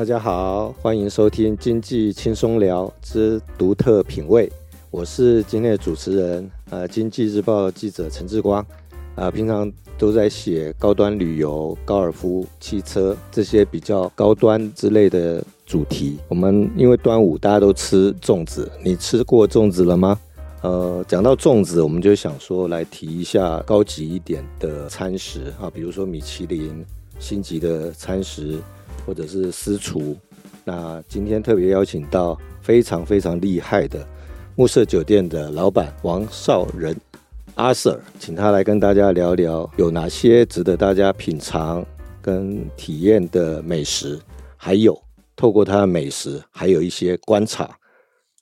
大家好，歡迎收聽《經濟輕鬆聊》之獨特品味，我是今天的主持人，呃，經濟日報記者陳志光，啊，呃，平常都在寫高端旅遊、高爾夫、汽車這些比較高端之類的主題。我們因為端午大家都吃粽子，你吃過粽子了嗎？呃，講到粽子，我們就想說來提一下高級一點的餐食，啊，比如說米其林星級的餐食。或者是私廚，那今天特別邀請到非常非常厲害的慕舍酒店的老闆王劭仁阿 Sir，請他來跟大家聊聊有哪些值得大家品嘗跟體驗的美食，還有透過他的美食，還有一些觀察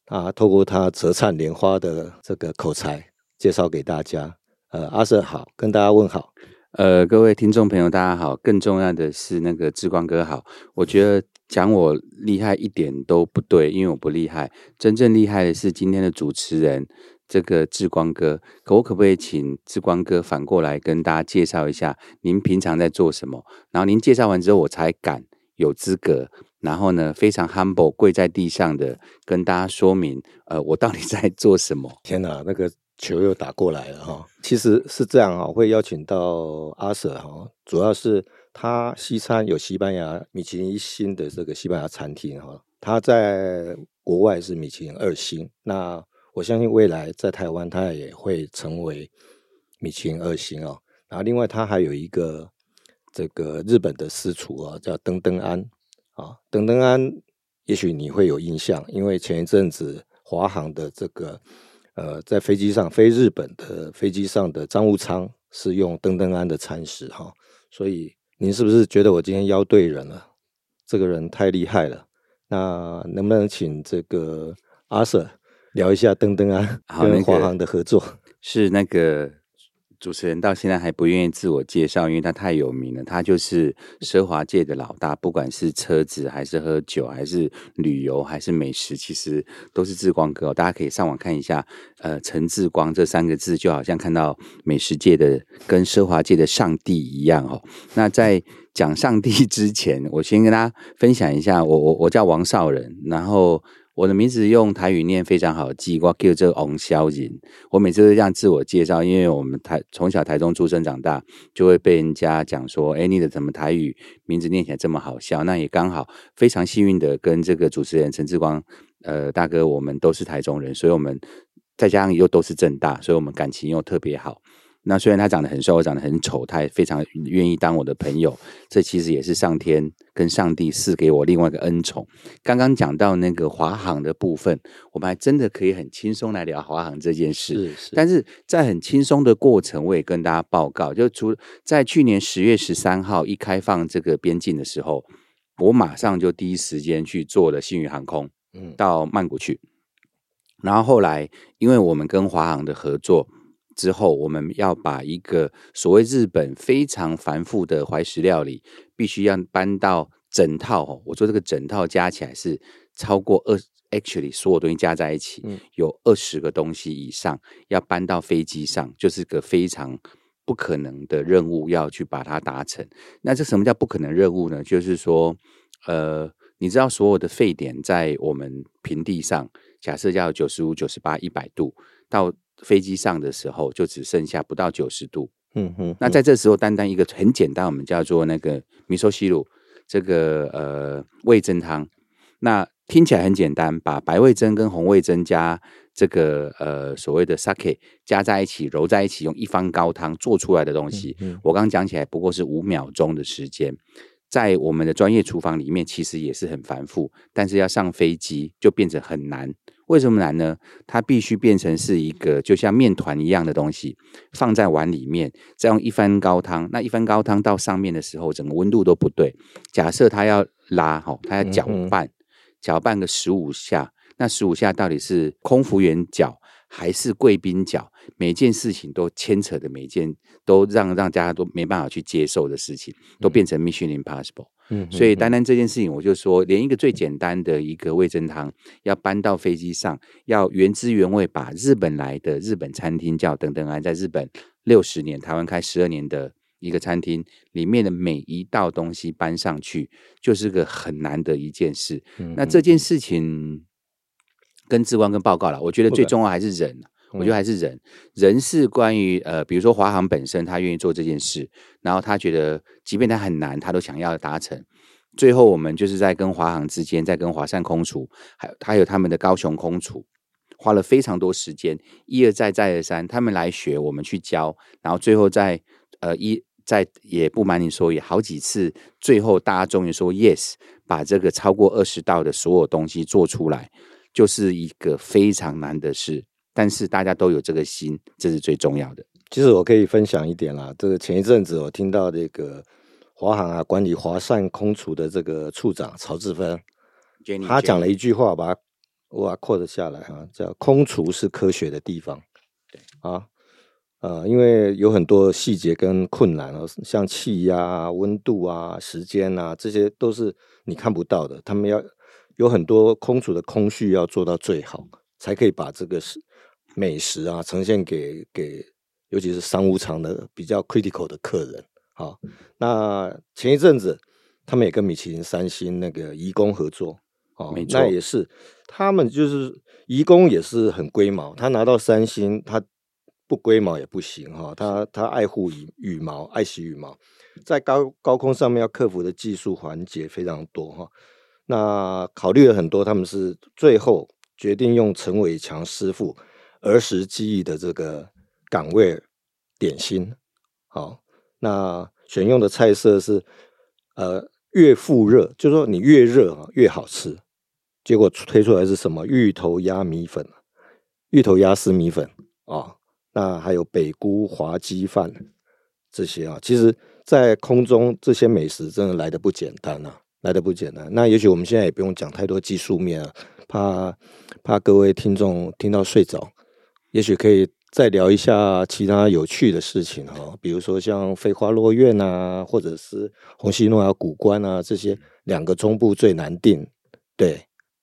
啊，透過他舌燦蓮花的這個口才介紹給大家。呃，阿 Sir 好，跟大家問好。呃，各位聽眾朋友，大家好。更重要的是，那個志光哥好。我覺得講我厲害一點都不對，因為我不厲害。真正厲害的是今天的主持人，這個志光哥。可我可不可以請志光哥反過來跟大家介紹一下您平常在做什麼？然後您介紹完之後，我才敢有資格。然後呢，非常 humble 跪在地上的跟大家說明，呃，我到底在做什麼？天吶，那個。球又打過來了哈，其實是這樣，我會邀請到阿 Sir 哈，主要是他西餐有西班牙米其林一星的這個西班牙餐廳哈，他在國外是米其林二星，那我相信未來在台灣他也會成為米其林二星，然後另外他還有一個這個日本的私廚，叫燈燈庵啊，燈燈庵也許你會有印象，因為前一陣子華航的這個。呃，在飛機上飛日本的飛機上的商務艙是用燈燈庵的餐食哈。哦，所以您是不是覺得我今天邀對人了？這個人太厲害了，那能不能請這個阿 Sir 聊一下燈燈庵跟華航的合作？那個，是那個。主持人到現在還不願意自我介紹，因為他太有名了。他就是奢華界的老大，不管是車子還是喝酒，還是旅遊還是美食，其實都是志光哥哦。大家可以上網看一下，呃，陳志光這三個字，就好像看到美食界的跟奢華界的上帝一樣哦。那在講上帝之前，我先跟大家分享一下，我我我叫王劭仁，然後。我的名字用台語念非常好記，我叫做王劭仁，我每次都這樣自我介紹，因為我們台從小台中出生長大，就會被人家講說：“哎，你的怎麼台語名字念起來這麼好笑？”那也剛好非常幸運的跟這個主持人陳志光，呃，大哥，我們都是台中人，所以我們再加上又都是政大，所以我們感情又特別好。那雖然他長得很瘦，我長得很醜，他也非常願意當我的朋友。這其實也是上天跟上帝賜給我另外一個恩寵。剛剛講到那個華航的部分，我們還真的可以很輕鬆來聊華航這件事。是是，但是在很輕鬆的過程，我也跟大家報告，就除了在去年十月十三號一開放這個邊境的時候，我馬上就第一時間去坐了星宇航空，嗯，到曼谷去。然後後來，因為我們跟華航的合作。之後，我們要把一個所謂日本非常繁複的懷石料理，必須要搬到整套，哦。我說這個整套加起來是超過二，actually，所有東西加在一起有二十個東西以上，要搬到飛機上，就是個非常不可能的任務，要去把它達成。那這什麼叫不可能任務呢？就是說，呃，你知道所有的沸點在我們平地上，假設要九十五、九十八、一百度到。飛機上的時候，就只剩下不到九十度。嗯哼、嗯嗯，那在這時候，單單一個很簡單，我們叫做那個米索西魯，這個呃味噌湯。那聽起來很簡單，把白味噌跟紅味噌加這個呃所謂的 sake 加在一起，揉在一起，用一方高湯做出來的東西。嗯嗯、我剛剛講起來，不過是五秒鐘的時間，在我們的專業廚房裡面，其實也是很繁複，但是要上飛機就變得很難。為什麼難呢？它必須變成是一個就像麵團一樣的東西，放在碗裡面，再用一番高湯。那一番高湯到上面的時候，整個溫度都不對。假設它要拉吼，它要攪拌，嗯、攪拌個十五下，那十五下到底是空服員攪？還是貴賓角，每件事情都牽扯的，每件都讓讓大家都沒辦法去接受的事情，都變成 mission impossible。嗯，所以單單這件事情，我就說，連一個最簡單的一個味噌湯要搬到飛機上，要原汁原味把日本來的日本餐廳叫燈燈庵、啊，在日本六十年，台灣開十二年的一個餐廳裡面的每一道東西搬上去，就是個很難的一件事。嗯、那這件事情。跟志光跟報告了，我覺得最重要還是人，okay. 我覺得還是人，嗯、人是關於呃，比如說華航本身他願意做這件事，然後他覺得即便他很難，他都想要達成。最後我們就是在跟華航之間，在跟華山空廚還他有他們的高雄空廚花了非常多時間，一而再再而三，他們來學我們去教，然後最後再呃一再也不瞞你說也好幾次，最後大家終於說 yes，把這個超過二十道的所有東西做出來。就是一個非常難的事，但是大家都有這個心，這是最重要的。其實我可以分享一點啦，這個前一陣子我聽到這個華航啊，管理華膳空廚的這個處長曹志芬，他講了一句話，我把它 quote 下來啊，叫“空廚是科學的地方”，對啊，呃，因為有很多細節跟困難啊，像氣壓、啊、溫度啊、時間啊，這些都是你看不到的，他們要。有很多空廚的空隙，要做到最好，才可以把這個美食啊呈現給給，尤其是商務艙的比較 critical 的客人啊、哦。那前一陣子他們也跟米其林三星那個頤宮合作、哦、那也是他們就是頤宮也是很龜毛，他拿到三星，他不龜毛也不行哈、哦。他他愛護羽羽毛，愛惜羽毛，在高高空上面要克服的技術環節非常多哈。哦那考慮了很多，他們是最後決定用陳偉強師傅兒時記憶的這個港味點心。好，那選用的菜色是呃越復熱，就是說你越熱、啊、越好吃。結果推出來是什麼？芋頭鴨米粉，芋頭鴨絲米粉啊、哦。那還有北菇滑雞飯這些啊。其實，在空中這些美食真的來得不簡單啊。來的不簡單，那也許我們現在也不用講太多技術面啊，怕怕各位聽眾聽到睡着。也許可以再聊一下其他有趣的事情哈、哦，比如說像飛花落院啊，或者是虹夕諾雅、谷關啊這些，兩個中部最難定。對，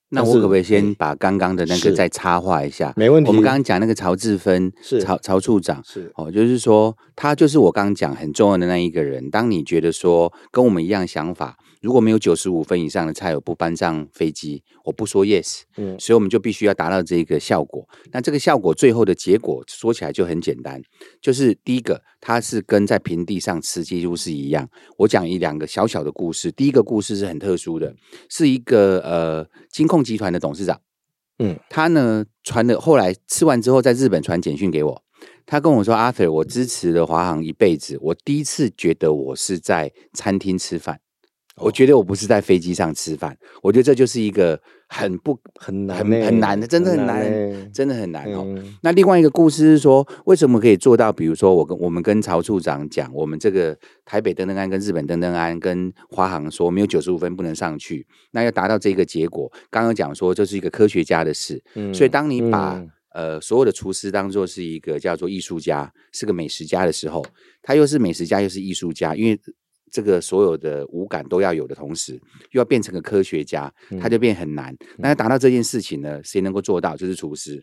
那我可不可以先把剛剛的那個再插話？一下？沒問題。我們剛剛講那個曹志芬是曹曹處長是，哦，就是說他就是我剛剛講很重要的那一個人。當你覺得說跟我們一樣想法。如果沒有九十五分以上的菜，我不搬上飛機，我不說 yes，嗯。所以我們就必須要達到這個效果。那這個效果最後的結果說起來就很簡單，就是第一個，它是跟在平地上吃幾乎是一樣。我講一兩個小小的故事。第一個故事是很特殊的，是一個呃金控集團的董事長，嗯，他呢傳了後來吃完之後在日本傳簡訊給我，他跟我說：“Arthur，我支持了華航一輩子，我第一次覺得我是在餐廳吃飯。”我覺得我不是在飛機上吃飯，我覺得這就是一個很不很難、欸、很很難的，真的很難，真的很難，很難、欸、真的很難哦、嗯。那另外一個故事是說，為什麼可以做到？比如說我，我跟我們跟曹處長講，我們這個台北燈燈庵跟日本燈燈庵跟華航說，沒有九十五分不能上去。那要達到這個結果，剛剛講說這是一個科學家的事。嗯、所以，當你把、嗯、呃所有的廚師當做是一個叫做藝術家，是個美食家的時候，他又是美食家又是藝術家，因為。這個所有的五感都要有的同時，又要變成個科學家，嗯、他就變很難、嗯。那要達到這件事情呢，誰能夠做到？就是廚師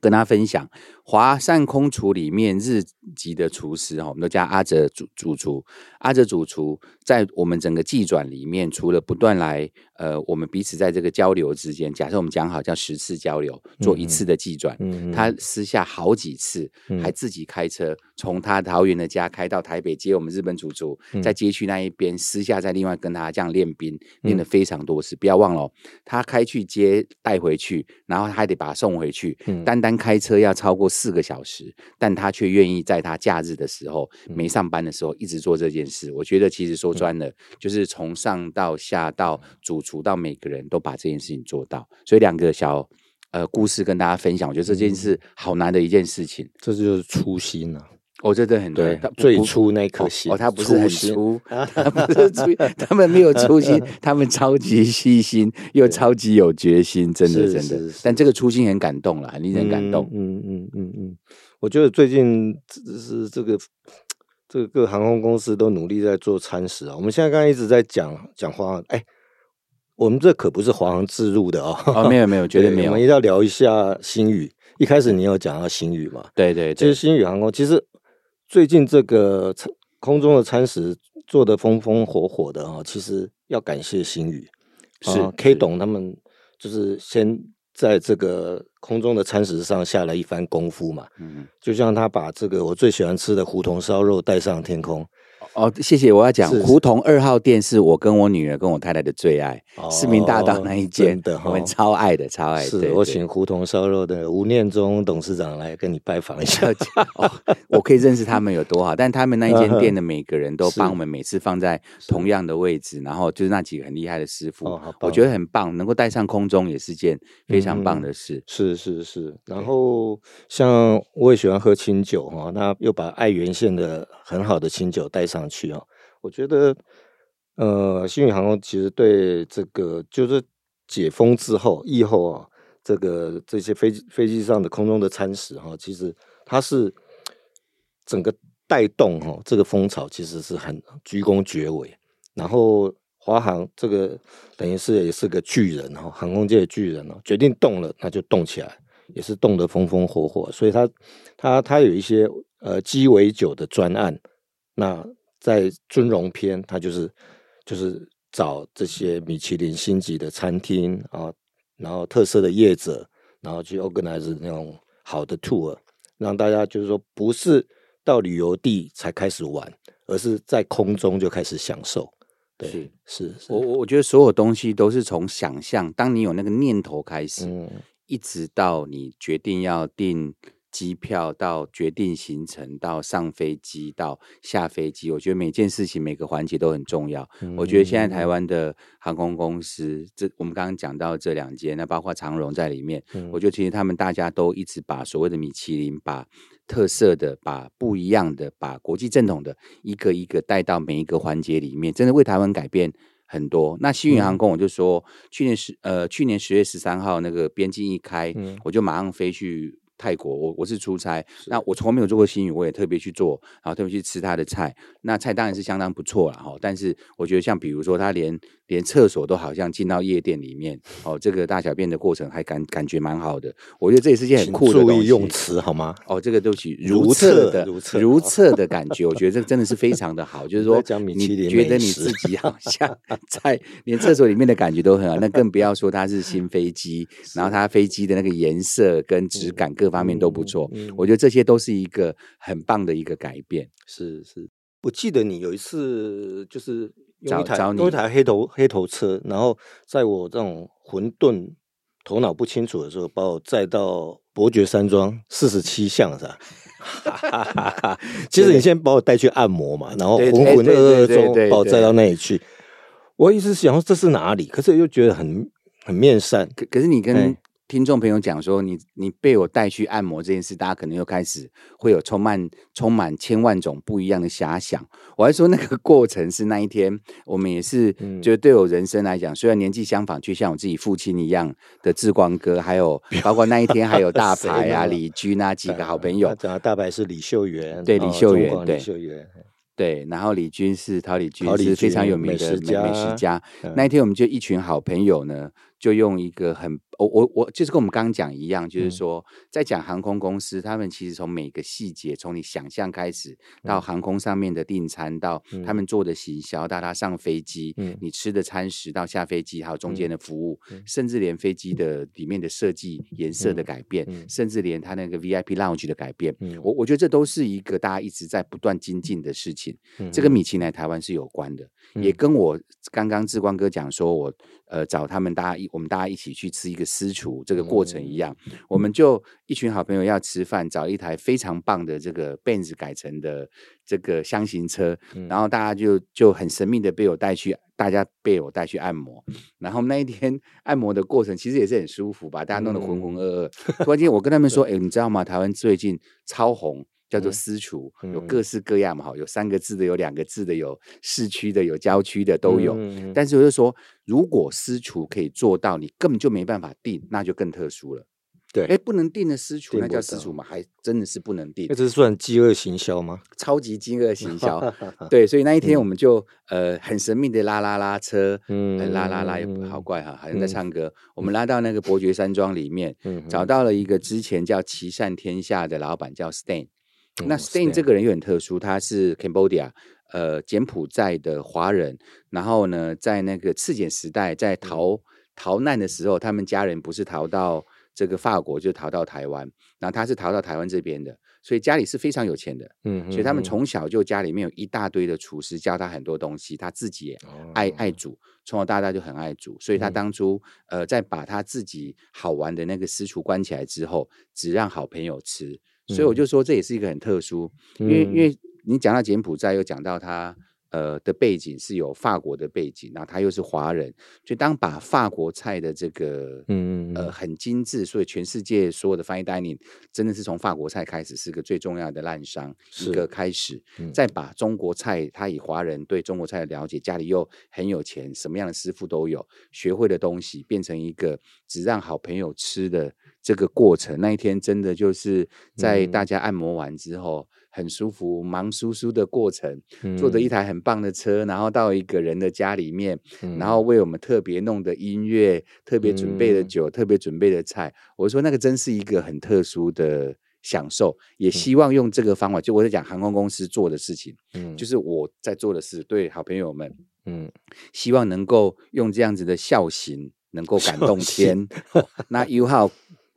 跟他分享華膳空廚裡面日籍的廚師哈、哦，我們都叫阿哲主主廚。阿哲主廚在我們整個計轉裡面，除了不斷來。呃，我們彼此在這個交流之間，假設我們講好叫十次交流，做一次的計轉、嗯嗯嗯。他私下好幾次，嗯、還自己開車從他桃園的家開到台北接我們日本主廚，在街區那一邊私下再另外跟他這樣練兵，嗯、練的非常多次。不要忘了、哦，他開去接，帶回去，然後還得把他送回去、嗯。單單開車要超過四個小時，但他卻願意在他假日的時候，沒上班的時候一直做這件事。我覺得其實說穿了、嗯，就是從上到下到主做到每個人都把這件事情做到，所以兩個小呃故事跟大家分享，我覺得這件事好難的一件事情，這就是初心了。哦，這真很對他最初那顆心，哦，哦，他不是很粗初心，他不是初， 他，是 他們沒有初心， 他們超級細心， 又超級有決心，真的真的。是是是，但這個初心很感動了，你很令人感動。嗯嗯嗯嗯，我覺得最近只是這個這個各航空公司都努力在做餐食啊。我們現在剛剛一直在講講話，哎。我們這可不是華航置入的哦，哦，沒有沒有，絕對沒有對。我們一定要聊一下星宇。一開始你有講到星宇嘛？對對對。其實星宇航空其實最近這個餐空中的餐食做的風風火火的哦，其實要感謝星宇是、啊、是 K 董他們就是先在這個空中的餐食上下了一番功夫嘛。嗯。就像他把這個我最喜歡吃的胡同燒肉帶上天空。哦，謝謝。我要講胡同二號店是我跟我女兒跟我太太的最愛。市民大道那一間、哦、的、哦，我們超愛的，超愛的。我請胡同燒肉的吳念宗董事長來跟你拜訪一下我、 哦。我可以認識他們有多好？ 但他們那一間店的每個人都幫我們每次放在同樣的位置，然後就是那幾個很厲害的師傅、哦好，我覺得很棒。能夠帶上空中也是件非常棒的事。嗯、是是是。然後像我也喜歡喝清酒哈、哦，那又把愛媛縣的很好的清酒帶上。上去啊、哦！我覺得，呃，星宇航空其實對這個就是解封之後以後啊、哦，這個這些飛機飛機上的空中的餐食哈、哦，其實它是整個帶動哦，這個風潮，其實是很居功厥偉，然後華航這個等於是也是個巨人哈、哦，航空界的巨人哦，決定動了，那就動起來，也是動得風風火火，所以它它它有一些呃雞尾酒的專案那。在尊榮篇，他就是就是找這些米其林星級的餐廳，然後，然後特色的業者，然後去 organize 那種好的 tour，讓大家就是說不是到旅遊地才開始玩，而是在空中就開始享受。對，是、是、是我我我覺得所有東西都是從想象，當你有那個念頭開始，嗯、一直到你決定要訂。機票到決定行程到上飛機到下飛機，我覺得每件事情、每個環節都很重要。我覺得現在台灣的航空公司，這我們剛剛講到這兩間，那包括長榮在裡面，我覺得其實他們大家都一直把所謂的米其林、把特色的、把不一樣的、把國際正統的，一個一個帶到每一個環節裡面，真的為台灣改變很多。那星宇航空，我就說去年十呃，去年十月十三號那個邊境一開，我就馬上飛去。泰國，我我是出差，那我從沒有坐過星宇，我也特別去坐，然後特別去吃他的菜，那菜當然是相當不錯了哈。但是我覺得，像比如說他連連廁所都好像進到夜店裡面哦，這個大小便的過程還感感覺蠻好的。我覺得這也是件很酷的東西。注意用詞好嗎？哦，這個對不起，如廁的，如廁，如，廁的如廁的感覺， 我覺得這真的是非常的好。就是說，你覺得你自己好像在連廁所裡面的感覺都很好，那更不要說它是新飛機， 然後它飛機的那個顏色跟質感各方面都不錯。嗯嗯嗯、我覺得這些都是一個很棒的一個改變。是是，我記得你有一次就是。有一台有一台黑頭黑頭車，然後在我這種混沌頭腦不清楚的時候，把我載到伯爵山莊四十七巷是吧？ 其實你先把我帶去按摩嘛。對對對，然後渾渾噩噩中對對對對對對對，把我載到那裡去。我一直想說這是哪裡，可是又覺得很很面善。可可是你跟，欸聽眾朋友講說你，你你被我帶去按摩這件事，大家可能又開始會有充滿充滿千萬種不一樣的遐想。我還說那個過程是那一天，我們也是，就是對我人生來講，嗯，雖然年紀相仿，卻像我自己父親一樣的志光哥，還有包括那一天還有大牌啊、李軍那幾個好朋友。啊、大牌是李秀媛，對李秀媛，李秀媛，對，對然後李軍是陶李軍，是非常有名的美食家，美食家、嗯。那一天我們就一群好朋友呢，就用一個很。我我我就是跟我們剛剛講一樣，就是說、嗯、在講航空公司，他們其實從每個細節，從你想象開始到航空上面的訂餐，到他們做的行銷，到他上飛機、嗯，你吃的餐食到下飛機，還有中間的服務、嗯，甚至連飛機的裡面的設計、顏、嗯、色的改變、嗯嗯，甚至連他那個 V I P lounge 的改變，嗯、我我覺得這都是一個大家一直在不斷精進的事情。嗯、這個米其林來台灣是有關的，嗯、也跟我剛剛志光哥講說我。呃，找他們大家一，我們大家一起去吃一個私廚、嗯，這個過程一樣、嗯。我們就一群好朋友要吃飯，找一台非常棒的這個 Benz 改成的這個箱型車、嗯，然後大家就就很神秘的被我帶去，大家被我帶去按摩。然後那一天按摩的過程其實也是很舒服吧，大家弄得渾渾噩噩。關、嗯、鍵我跟他們說，哎、 欸，你知道嗎？台灣最近超紅。叫做私廚、嗯，有各式各樣嘛，哈、嗯，有三個字的，有兩個字的，有市區的，有郊區的，都有。嗯嗯、但是我就是說，如果私廚可以做到，你根本就沒辦法定，那就更特殊了。嗯、對，哎、欸，不能定的私廚，那叫私廚嘛，還真的是不能定。那、欸、這算飢餓行銷嗎？超級飢餓行銷。 對，所以那一天我們就、嗯、呃很神秘的拉拉拉車，嗯，拉拉拉也不好怪哈、啊嗯，好像在唱歌、嗯。我們拉到那個伯爵山莊裡面、嗯，找到了一個之前叫齊善天下的老闆叫 Stan 那 Stain 這個人又很特殊，他是 Cambodia，呃，柬埔寨的華人。然後呢，在那個赤柬時代，在逃逃難的時候，他們家人不是逃到這個法國，就是、逃到台灣。然後他是逃到台灣這邊的，所以家裡是非常有錢的。嗯，所以他們從小就家裡面有一大堆的廚師教他很多東西，他自己也愛愛煮，從小到大就很愛煮。所以他當初、嗯、呃，在把他自己好玩的那個私廚關起來之後，只讓好朋友吃。所以我就說，這也是一個很特殊，嗯、因為因為你講到柬埔寨，又講到他呃的背景是有法國的背景，那他又是華人，所以當把法國菜的這個嗯呃很精緻，所以全世界所有的翻譯 n e 真的是從法國菜開始，是個最重要的爛商，一個開始、嗯，再把中國菜，他以華人對中國菜的了解，家裡又很有錢，什麼樣的師傅都有，學會的東西變成一個只讓好朋友吃的。這個過程，那一天真的就是在大家按摩完之後、嗯、很舒服忙舒舒的過程、嗯，坐着一台很棒的車，然後到一個人的家裡面，嗯、然後為我們特別弄的音樂、特別準備的酒、嗯、特別準備的菜，我說那個真是一個很特殊的享受。也希望用這個方法、嗯，就我在講航空公司做的事情，嗯，就是我在做的事，對好朋友們，嗯，希望能夠用這樣子的孝心能夠感動天。呵呵那 U 號。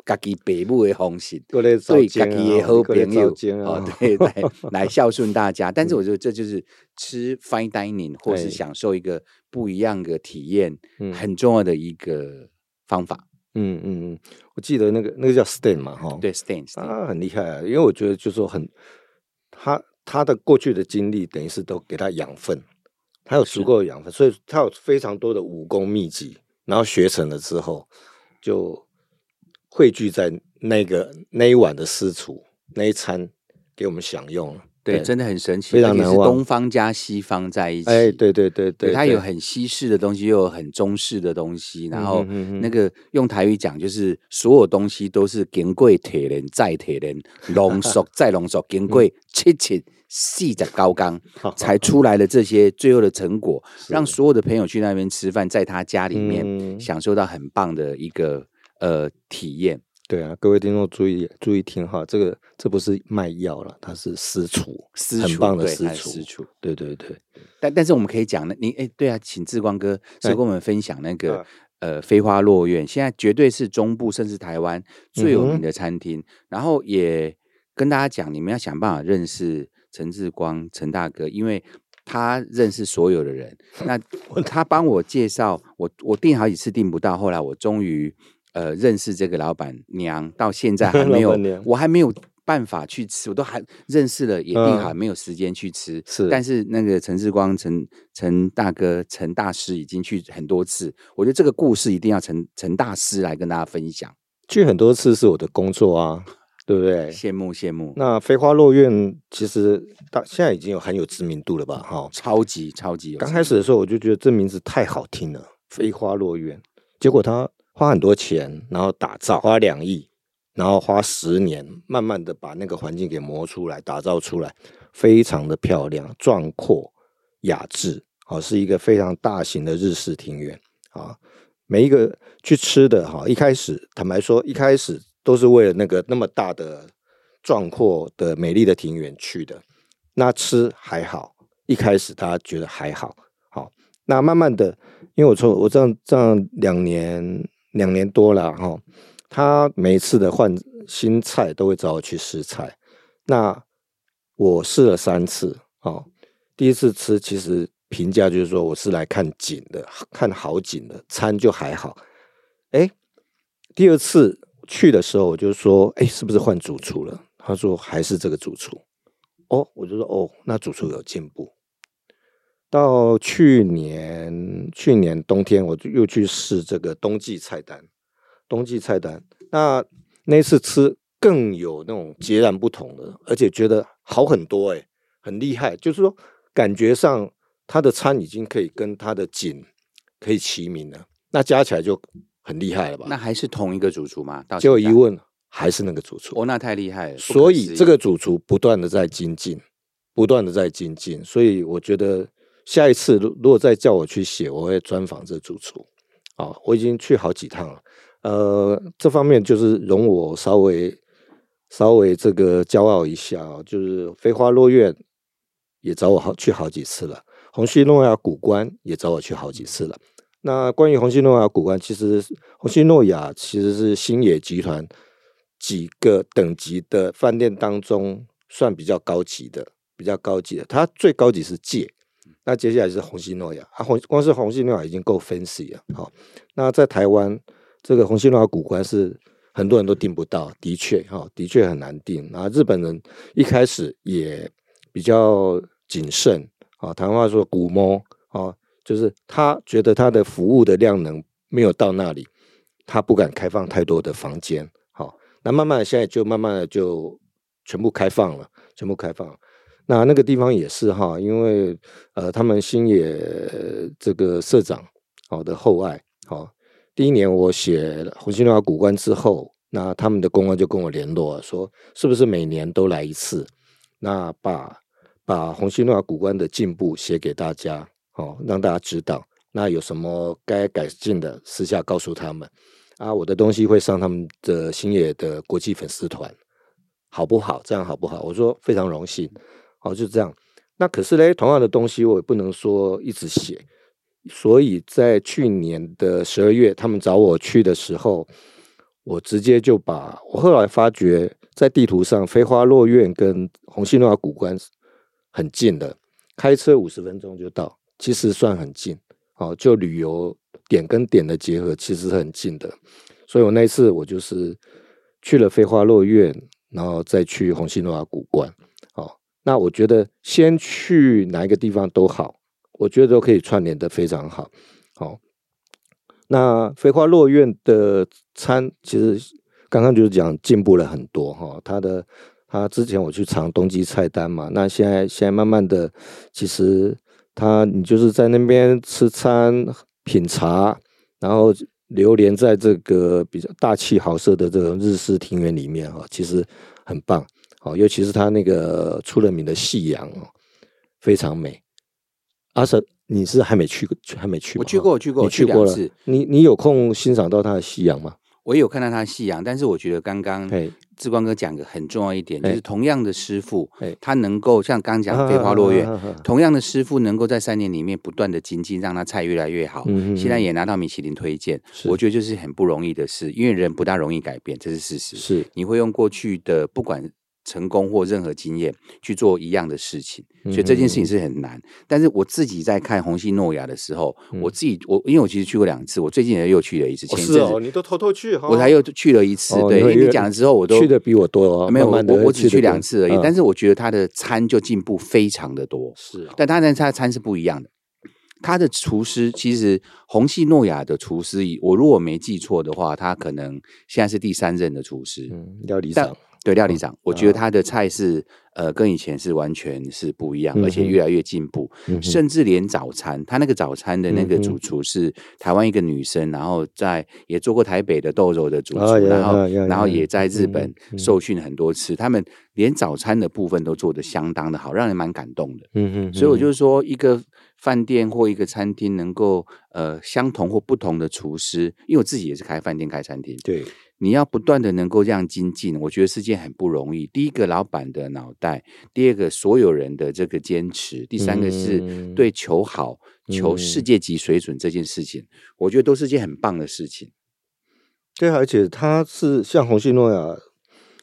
家己父母的方式。各類啊，對家己嘅好朋友各類，啊，哦，對，來來孝順大家。 但是我覺得這就是吃 fine dining，嗯，或是享受一個不一樣的體驗、嗯，很重要的一個方法。嗯嗯，我記得那個那個叫 Stain 嘛，哈，對 Stain，, Stain 啊，很厲害啊。因為我覺得就是說很，他他的過去的經歷等於是都給他養分，他有足夠養分，啊，所以他有非常多的武功秘籍。然後學成了之後，就。匯聚在那個那一晚的私廚那一餐給我們享用。對，對，真的很神奇，非常難忘。東方加西方在一起，哎、欸，對對對對，對，它有很西式的東西對對對對對對，又有很中式的東西，然後那個用台語講就是、嗯、哼哼所有東西都是經過提煉、再提煉、濃縮、再濃縮、經過七七四十九缸才出來的這些最後的成果， 讓所有的朋友去那邊吃飯，在他家裡面享受到很棒的一個。呃，體驗對啊，各位聽眾注意注意聽哈，這個這不是賣藥了，它是私廚，私廚很棒的私廚,私廚，對對對。但但是我們可以講呢，你哎、欸、對啊，請志光哥來、欸、跟我們分享那個、啊、呃飛花落院，現在絕對是中部甚至台灣最有名的餐廳、嗯。然後也跟大家講，你們要想辦法認識陳志光陳大哥，因為他認識所有的人。 那他幫我介紹，我我訂好幾次訂不到，後來我終於。呃，認識這個老板娘到現在還沒有， 我還沒有辦法去吃，我都還認識了，也訂好、嗯、沒有時間去吃。是，但是那個陳志光、陳陳大哥、陳大師已經去很多次，我覺得這個故事一定要陳陳大師來跟大家分享。去很多次是我的工作啊，對不對？羨慕羨慕。那飛花落院其實到現在已經有很有知名度了吧？哈，超級超級有。剛開始的時候我就覺得這名字太好聽了，“飛花落院”，結果他。花很多錢，然後打造，花兩億，然後花十年，慢慢的把那個環境給磨出來、打造出來，非常的漂亮、壯闊、雅致，好，是一個非常大型的日式庭園啊。每一個去吃的哈，一開始坦白說，一開始都是為了那個那麼大的壯闊的美麗的庭園去的。那吃還好，一開始大家覺得還好，好。那慢慢的，因為我從我這樣這樣兩年。兩年多了哈，他每次的換新菜都會找我去試菜。那我試了三次哦，第一次吃其實評價就是說我是來看景的，看好景的餐就還好。哎，第二次去的時候我就說，哎，是不是換主廚了？他說還是這個主廚。哦，我就說哦，那主廚有進步。到去年，去年冬天，我就又去試這個冬季菜單。冬季菜單，那那次吃更有那種截然不同的，而且覺得好很多哎、欸，很厲害。就是說，感覺上他的餐已經可以跟他的景可以齊名了。那加起來就很厲害了吧？哎、那還是同一個主廚嗎？結果一問，還是那個主廚。哦，那太厲害了。所以這個主廚不斷的在精進，不斷的在精進。所以我覺得。下一次如如果再叫我去寫，我會專訪這主廚，啊，我已經去好幾趟了。呃，這方面就是容我稍微稍微這個驕傲一下啊，就是飛花落院也找我好去好幾次了，虹夕諾雅谷關也找我去好幾次了。那關於虹夕諾雅谷關，其實虹夕諾雅其實是星野集團幾個等級的飯店當中算比較高級的，比較高級的，它最高級是界那接下來是虹夕諾雅啊，虹，光是虹夕諾雅已經夠 fancy 了，好、哦，那在台灣這個虹夕諾雅谷關是很多人都訂不到，的確哈、哦，的確很難訂。啊，日本人一開始也比較謹慎啊，台灣、哦、話說古摸啊、哦，就是他覺得他的服務的量能沒有到那裡，他不敢開放太多的房間，好、哦，那慢慢的現在就慢慢的就全部開放了，全部開放了。那那個地方也是哈，因為呃，他們星野這個社長好的厚愛，好，第一年我寫《虹夕諾雅谷關》之後，那他們的公關就跟我聯絡說，是不是每年都來一次，那把把《虹夕諾雅谷關》的進步寫給大家，哦，讓大家知道，那有什麼該改進的，私下告訴他們啊，我的東西會上他們的星野的國際粉絲團，好不好？這樣好不好？我說非常榮幸。哦，就是這樣。那可是呢，同樣的東西我也不能說一直寫。所以在去年的十二月，他們找我去的時候，我直接就把我後來發覺在地圖上飛花落院跟虹夕諾雅谷關很近的，開車五十分鐘就到，其實算很近。哦，就旅遊點跟點的結合其實很近的。所以我那一次我就是去了飛花落院，然後再去虹夕諾雅谷關。那我覺得先去哪一個地方都好，我覺得都可以串聯的非常好。好，那飛花落院的餐其實剛剛就是講進步了很多哈，他的他之前我去嘗冬季菜單嘛，那現在現在慢慢的，其實他，你就是在那邊吃餐品茶，然後流連在這個比較大氣豪奢的這種日式庭園裡面哈，其實很棒。哦，尤其是他那個出了名的夕陽哦，非常美。阿盛，你是還沒去過，還沒去過？我去過，我去過，你去過了。你你有空欣賞到他的夕陽嗎？我也有看到他的夕陽，但是我覺得剛剛志光哥講的很重要一點，就是同樣的師傅，他能夠像剛剛講的飛花落院，啊啊啊啊啊啊啊，同樣的師傅能夠在三年裡面不斷的精進，讓他菜越來越好，嗯哼哼。現在也拿到米其林推薦，我覺得就是很不容易的事，因為人不大容易改變，這是事實。是，你會用過去的不管，成功或任何經驗去做一樣的事情，所以這件事情是很難。嗯、哼哼，但是我自己在看虹夕諾雅的時候，嗯、我自己我因為我其實去過兩次，我最近也又去了一次。哦，前一是哦，你都偷偷去。哦，我才又去了一次。哦，對，你講了之後，我都去的比我多了，哦啊。沒有，我慢慢我只去兩次而已，嗯。但是我覺得他的餐就進步非常的多。是、哦，但他那他餐是不一樣的。他的廚師其實虹夕諾雅的廚師，我如果沒記錯的話，他可能現在是第三任的廚師。嗯，料理長。對料理長。哦，我覺得他的菜是、哦、呃，跟以前是完全是不一樣，嗯，而且越來越進步，嗯，甚至連早餐，他那個早餐的那個主廚，廚是台灣一個女生，嗯，然後在也做過台北的豆肉的主廚，廚。哦，然後，嗯嗯、然後也在日本受訓很多次，嗯嗯、他們連早餐的部分都做得相當的好，讓人蠻感動的。嗯嗯，所以我就是說，嗯，一個飯店或一個餐廳能夠呃相同或不同的廚師，因為我自己也是開飯店開餐廳，對。你要不斷的能夠這樣精進，我覺得是件很不容易。第一個老板的腦袋，第二個所有人的這個堅持，第三個是對求好、嗯、求世界級水準這件事情、嗯，我覺得都是件很棒的事情。對，而且它是像虹夕諾雅，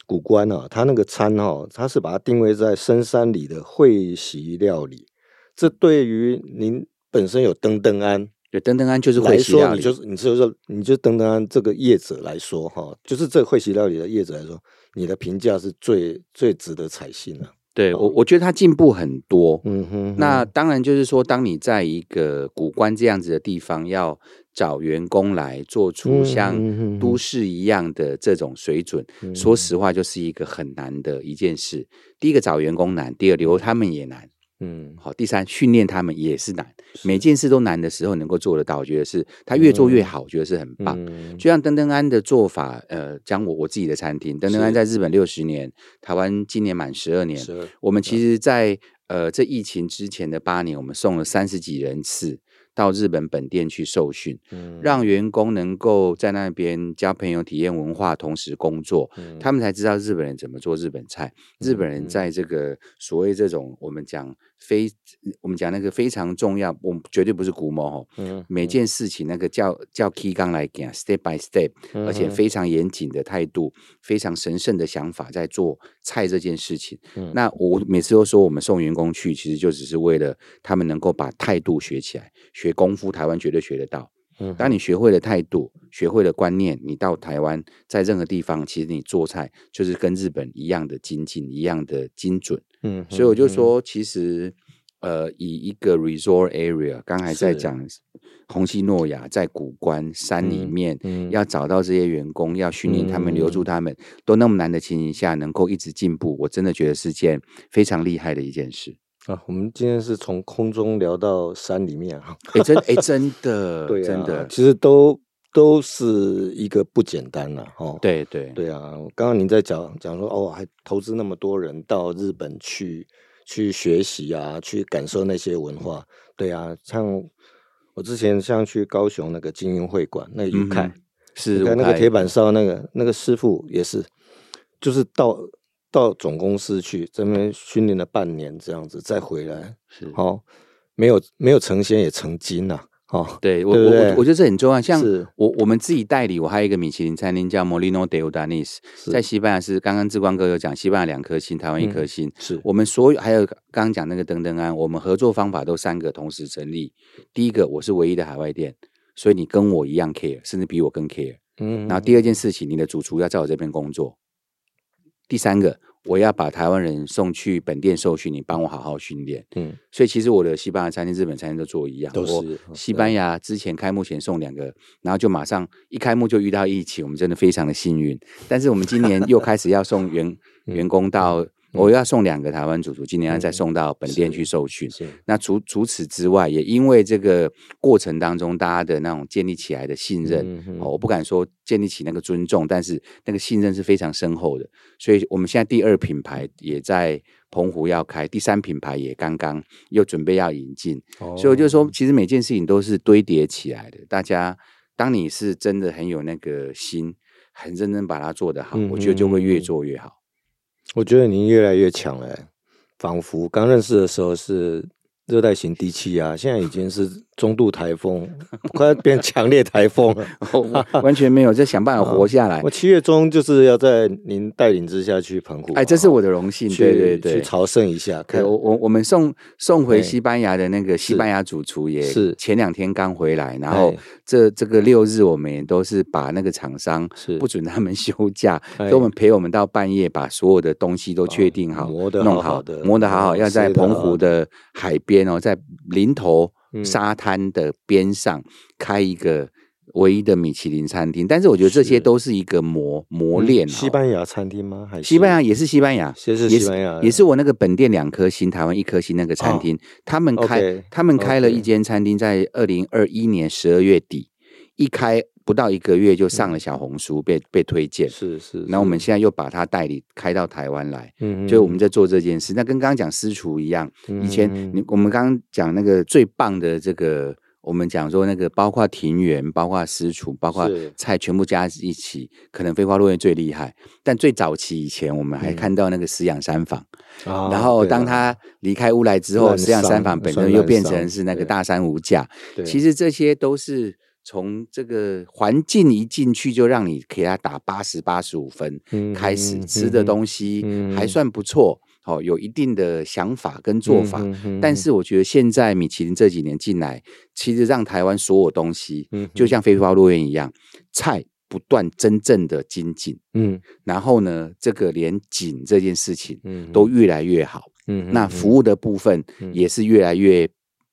谷關啊，它那個餐哦，它是把它定位在深山裡的會席料理，這對於您本身有燈燈庵。對，燈燈庵就是。來說你，你就是，你就是說，你就燈燈庵這個業者來說，哈，就是這個會席料理的業者來說，你的評價是最最值得採信的、啊。對，哦、我我覺得他進步很多。嗯哼、哼。那當然，就是說，當你在一個谷關這樣子的地方，要找員工來做出像都市一樣的這種水準，嗯、哼哼，說實話，就是一個很難的一件事。嗯、第一個找員工難，第二留他們也難。嗯，好。第三，訓練他們也是難。是，每件事都難的時候能夠做得到，我覺得是他越做越好，我、嗯、覺得是很棒、嗯。就像燈燈庵的做法，呃，講我我自己的餐廳，燈燈庵在日本六十年，台灣今年滿十二年。我們其實在，在、嗯、呃這疫情之前的八年，我們送了三十幾人次到日本本店去受訓、嗯，讓員工能夠在那邊交朋友、體驗文化，同時工作、嗯，他們才知道日本人怎麼做日本菜。嗯、日本人在這個、嗯、所謂這種我們講。非、嗯、我們講那個非常重要，我們絕對不是估摸哈。每件事情那個叫、嗯嗯、叫 Key Gang 來講，Step by Step，嗯、而且非常嚴謹的態度、嗯，非常神聖的想法，在做菜這件事情。嗯、那我每次都說，我們送員工去，其實就只是為了他們能夠把態度學起來，學功夫。台灣絕對學得到。嗯、當你學會了態度，學會了觀念，你到台灣在任何地方，其實你做菜就是跟日本一樣的精進，一樣的精準。嗯，嗯，所以我就說，其實，呃，以一個 resort area，剛才在講虹夕諾雅在谷關山裡面、嗯嗯，要找到這些員工，要訓練他們，嗯、留住他們，都那麼難的情形下，能夠一直進步，我真的覺得是件非常厲害的一件事啊。我們今天是從空中聊到山裡面啊，哎、 欸、真哎、欸、真的，對、啊，真的，其實都。都是一個不簡單了、啊、哦，對對對啊！剛剛您在講講說哦，還投資那麼多人到日本去去學習啊，去感受那些文化，對啊，像我之前像去高雄那個精英會館那一看、嗯，是開那個鐵板燒那個那個師傅也是，就是到到總公司去這邊訓練了半年這樣子再回來，是哦，沒有沒有成仙也成精了、啊。哦，對我對對我我我覺得這很重要。像我是我，我們自己代理，我還有一個米其林餐廳叫 Molino de Urdániz 在西班牙是。剛剛志光哥有講，西班牙兩顆星，台灣一顆星。嗯、是我們所有還有剛剛講那個燈燈庵，我們合作方法都三個同時成立。第一個，我是唯一的海外店，所以你跟我一樣 care，甚至比我更 care。嗯，嗯。然後第二件事情，你的主廚要在我這邊工作。第三個。我要把台灣人送去本店受訓，你幫我好好訓練。嗯，所以其實我的西班牙餐廳、日本餐廳都做一樣，都是西班牙之前開幕前送兩個，然後就馬上一開幕就遇到疫情，我們真的非常的幸運。但是我們今年又開始要送員 員工到。我要送兩個台灣主廚，今年要再送到本店去受訓、嗯。是，那除除此之外，也因為這個過程當中，大家的那種建立起來的信任，嗯嗯哦、我不敢說建立起那個尊重，但是那個信任是非常深厚的。所以，我們現在第二品牌也在澎湖要開，第三品牌也剛剛又準備要引進、哦。所以，我就說，其實每件事情都是堆疊起來的。大家，當你是真的很有那個心，很認真把它做得好，嗯、我覺得就會越做越好。嗯我覺得您越來越強了，仿佛剛認識的時候是熱帶型低氣壓，現在已經是。中度颱風，快要變強烈颱風了， 完全沒有在想辦法活下來。啊。我七月中就是要在您帶領之下去澎湖，哎，這是我的榮幸哦。對對對，去朝聖一下。我我我們送送回西班牙的那個西班牙主廚也是前兩天剛回來，然後這這個六日我們也都是把那個廠商是不准他們休假，給，哎、我們陪我們到半夜，把所有的東西都確定好，哦，磨的弄好，好的，好磨的好好、嗯，要在澎湖的海邊哦，哦，在林頭。嗯、沙灘的邊上開一個唯一的米其林餐廳，但是我覺得這些都是一個磨磨練、嗯。西班牙餐廳嗎？還是西班牙也是西班牙？也是西班牙也？也是我那個本店兩顆星，新台灣一顆星那個餐廳，哦、他們開 okay，他們開了一間餐廳，在二零二一年十二月底一開。不到一個月就上了小紅書，被被推薦。是是，是。然後我們現在又把它代理開到台灣來，是是是，就我們在做這件事。嗯嗯，那跟剛剛講私廚一樣，嗯嗯，以前我們剛剛講那個最棒的這個，嗯嗯，我們講說那個包括庭園，包括私廚，包括菜全部加一起，可能飛花落院最厲害。但最早期以前，我們還看到那個食養山房。嗯、然後當他離開烏來之後，食養山房本身又變成是那個大山無價。嗯嗯，其實這些都是。從這個環境一進去，就讓你給他打八十八十五分，開始吃的東西還算不錯，哦、有一定的想法跟做法，嗯嗯嗯。但是我覺得現在米其林這幾年進來，其實讓台灣所有東西，嗯嗯嗯嗯，就像飛花落院一樣，菜，不斷真正的精進，嗯，然後呢，這個連景這件事情，都越來越好，嗯嗯嗯嗯，那服務的部分也是越來越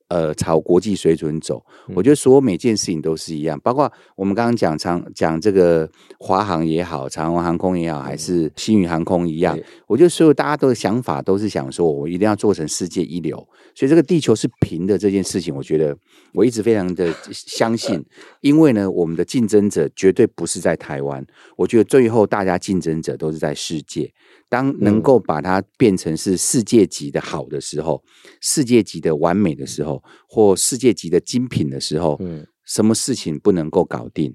呃，朝國際水準走，我覺得所有每件事情都是一樣，嗯、包括我們剛剛講長講這個華航也好，長榮航空也好，還是星宇航空一樣，嗯、我覺得所有大家都的想法都是想說，我一定要做成世界一流。所以這個地球是平的這件事情，我覺得我一直非常的相信，因為呢，我們的競爭者絕對不是在台灣，我覺得最後大家競爭者都是在世界。當能夠把它變成是世界級的好的時候，世界級的完美的時候，或世界級的精品的時候，什麼事情不能夠搞定？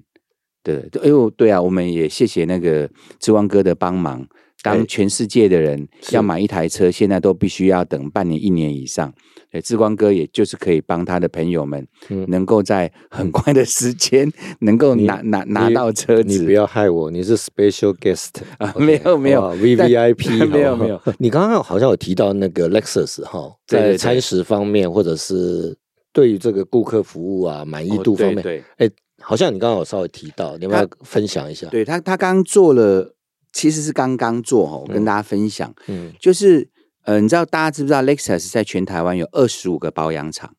對，哎呦，對啊，我們也謝謝那個志光哥的幫忙。當全世界的人要買一台車，哎、現在都必須要等半年、一年以上。欸、志光哥，也就是可以幫他的朋友們，能夠在很快的時間能夠拿、嗯、拿拿到車子你。你不要害我，你是 special guest、啊 okay, 啊、沒有 VVIP, 沒有，V V I P 沒有沒有。你剛剛好像有提到那個 Lexus 哈、哦，在餐食方面對對對，或者是對於這個顧客服務啊滿意度方面，哎、哦對對，好像你剛剛有稍微提到，你要不要分享一下。對他，他剛做了，其實是剛剛做哈，我跟大家分享，嗯，就是。呃，你知道大家知不知道，Lexus 在全台灣有二十五個保養廠，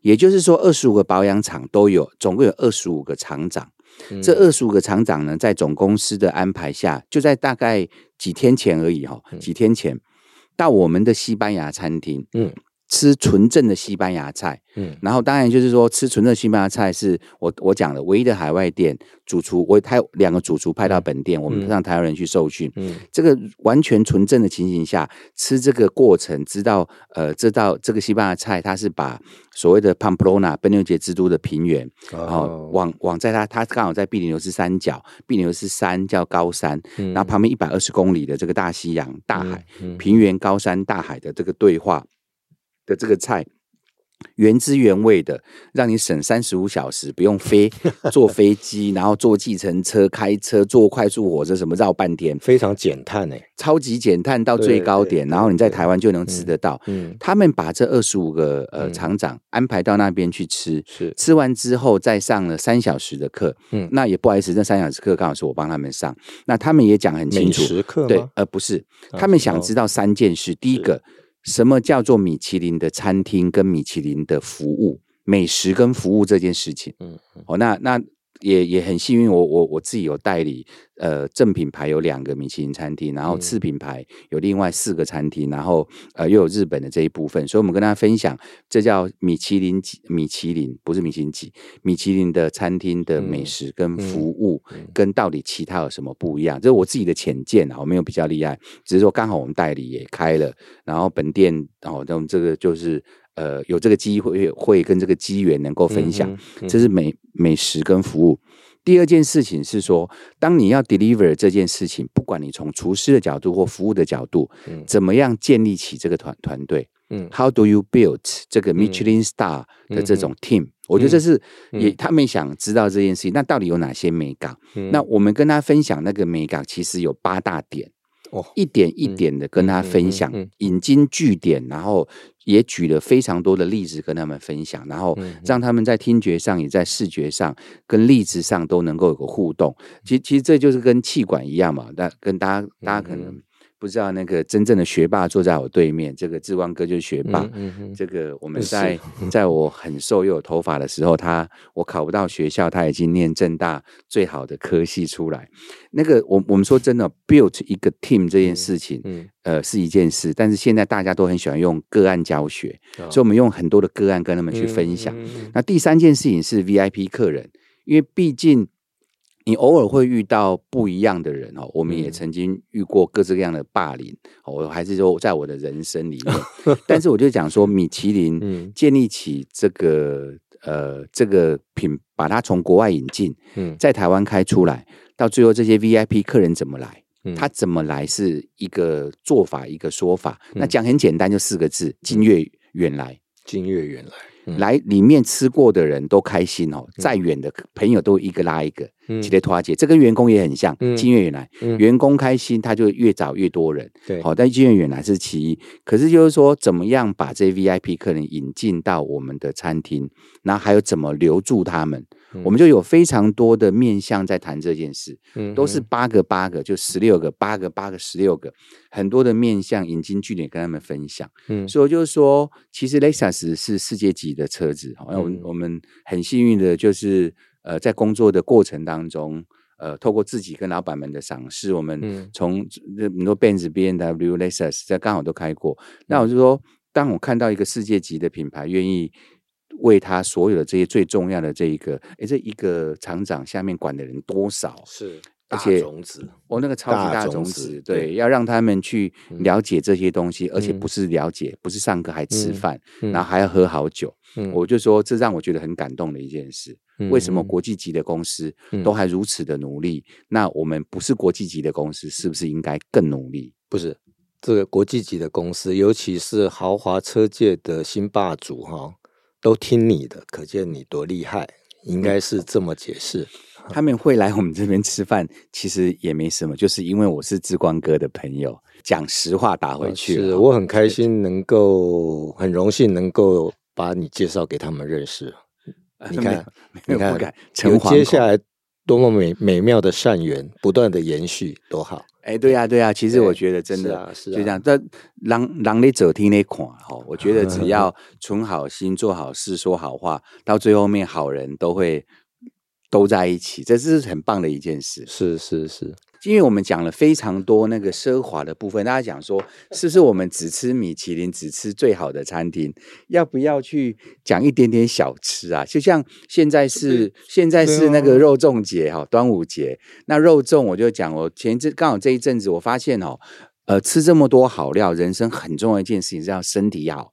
也就是說，二十五個保養廠都有，總共有二十五個廠長。嗯、這二十五個廠長呢，在總公司的安排下，就在大概幾天前而已哦，幾天前、嗯、到我們的西班牙餐廳。嗯吃純正的西班牙菜，嗯，然後當然就是說吃純正的西班牙菜是我我講的唯一的海外店主廚，我他有兩個主廚派到本店，嗯、我們讓台灣人去受訓，嗯，這個完全純正的情形下吃這個過程，知道呃這道這個西班牙菜，它是把所謂的 Pamplona，奔牛節之都的平原，哦，呃、往往在它它剛好在庇里牛斯山腳，庇里牛斯山叫高山，嗯、然後旁邊一百二十公里的這個大西洋大海，嗯、平原，嗯、高山大海的這個對話。的這個菜原汁原味的，讓你省三十五小時，不用飛坐飛機， 然後坐計程車、開車、坐快速火車什麼繞半天，非常減碳呢。超級減碳到最高點，對對對對，然後你在台灣就能吃得到，對對對對，嗯。嗯，他們把這二十五個呃廠、嗯、長安排到那邊去吃，吃完之後再上了三小時的課，嗯，那也不好意思，那三小時課剛好是我幫他們上、嗯，那他們也講很清楚，對，呃，不是，他們想知道三件事，第一個。什麼叫做米其林的餐廳跟米其林的服務？美食跟服務這件事情，嗯，嗯哦，那那。也也很幸運，我我我自己有代理，呃，正品牌有兩個米其林餐廳，然後次品牌有另外四個餐廳，嗯、然後呃，又有日本的這一部分，所以我們跟大家分享，這叫米其林米其林，不是米其林，級，米其林的餐廳的美食跟服務、嗯、跟到底其他有什麼不一樣，嗯嗯、這是我自己的淺見啊，我、哦、沒有比較厲害，只是說剛好我們代理也開了，然後本店哦，那我們這個就是。呃，有這個機會會跟這個機緣能夠分享，嗯嗯、這是美美食跟服務、嗯嗯。第二件事情是說，當你要 deliver 這件事情，不管你從廚師的角度或服務的角度，怎麼樣建立起這個團團隊，嗯，How do you build 這個 Michelin Star、嗯、的這種 team？、嗯、我覺得這是也他們想知道這件事情，那到底有哪些美感、嗯？那我們跟他分享那個美感，其實有八大點。一點一點的跟他分享，嗯嗯嗯嗯、引經據典，然後也舉了非常多的例子跟他們分享，然後讓他們在聽覺上也在視覺上跟例子上都能夠有個互動。其實其實這就是跟氣管一樣嘛，那跟大家大家可能、嗯。嗯不知道那個真正的學霸坐在我對面，這個志光哥就是學霸。嗯嗯嗯、這個我們在是是、嗯、在我很瘦又有頭髮的時候，他我考不到學校，他已經念政大最好的科系出來。那個我我們說真的，build 一個 team 這件事情、嗯嗯，呃，是一件事。但是現在大家都很喜歡用個案教學，哦、所以我們用很多的個案跟他們去分享。嗯嗯嗯、那第三件事情是 VIP 客人，因為畢竟。你偶爾會遇到不一樣的人哦，我們也曾經遇過各式各樣的霸凌，我還是說在我的人生裡面。 但是我就講說，米其林建立起這個呃這個品，把它從國外引進嗯，在台灣開出來，到最後這些 VIP 客人怎麼來？他怎麼來是一個做法，一個說法。那講很簡單，就四個字：近悅遠來。近悅遠來、嗯，來裡面吃過的人都開心哦。再遠的朋友都一個拉一個。直接拖下去，這跟員工也很像，近悅、嗯、遠來、嗯。員工開心，他就越找越多人。對，好，但近悅遠來是其一。可是就是說，怎麼樣把這些 VIP 客人引進到我們的餐廳，然後還有怎麼留住他們，嗯、我們就有非常多的面向在談這件事。嗯，都是八個八個，就十六個八個八個十六個，很多的面向引經據典跟他們分享。嗯，所以就是說，其實 Lexus 是世界級的車子。好、嗯，那、嗯、我，我們很幸運的就是。呃，在工作的過程當中，呃，透過自己跟老闆們的賞識，我們從很多 brands，B N W，Lexus，這剛好都開過、嗯。那我就說，當我看到一個世界級的品牌願意為他所有的這些最重要的這一個，誒、欸，這一個廠長下面管的人多少？是。而且，我、哦、那個超級大種子，大種子對，對，要讓他們去了解這些東西，嗯，而且不是了解，不是上課還吃飯，嗯嗯、然後還要喝好酒。嗯、我就說這讓我覺得很感動的一件事，嗯。為什麼國際級的公司都還如此的努力、嗯嗯？那我們不是國際級的公司，是不是應該更努力？不是，這個國際級的公司，尤其是豪華車界的新霸主哈，都聽你的，可見你多厲害，應該是這麼解釋。嗯嗯他們會來我們這邊吃飯，其實也沒什麼，就是因為我是志光哥的朋友。講實話，打回去、哦，是，我很開心，能夠很榮幸能夠把你介紹給他們認識。你看，你看，誠惶誠恐接下來多麼美美妙的善緣，不斷的延續，多好！哎，對呀、啊，對呀、啊，其實我覺得真的，哎、是、啊是啊、就這樣。但狼狼你走聽那款哈，我覺得只要存好心、嗯、做好事、說好話，到最後面好人都會。都在一起，這是很棒的一件事。是是是，因為我們講了非常多那個奢華的部分，大家講說，是不是我們只吃米其林，只吃最好的餐廳？ 要不要去講一點點小吃啊？就像現在是、呃、現在是那個肉粽節哈、對啊，端午節。那肉粽我就講，我前一陣剛好這一陣子我發現哦，呃，吃這麼多好料，人生很重要一件事情是要身體要好。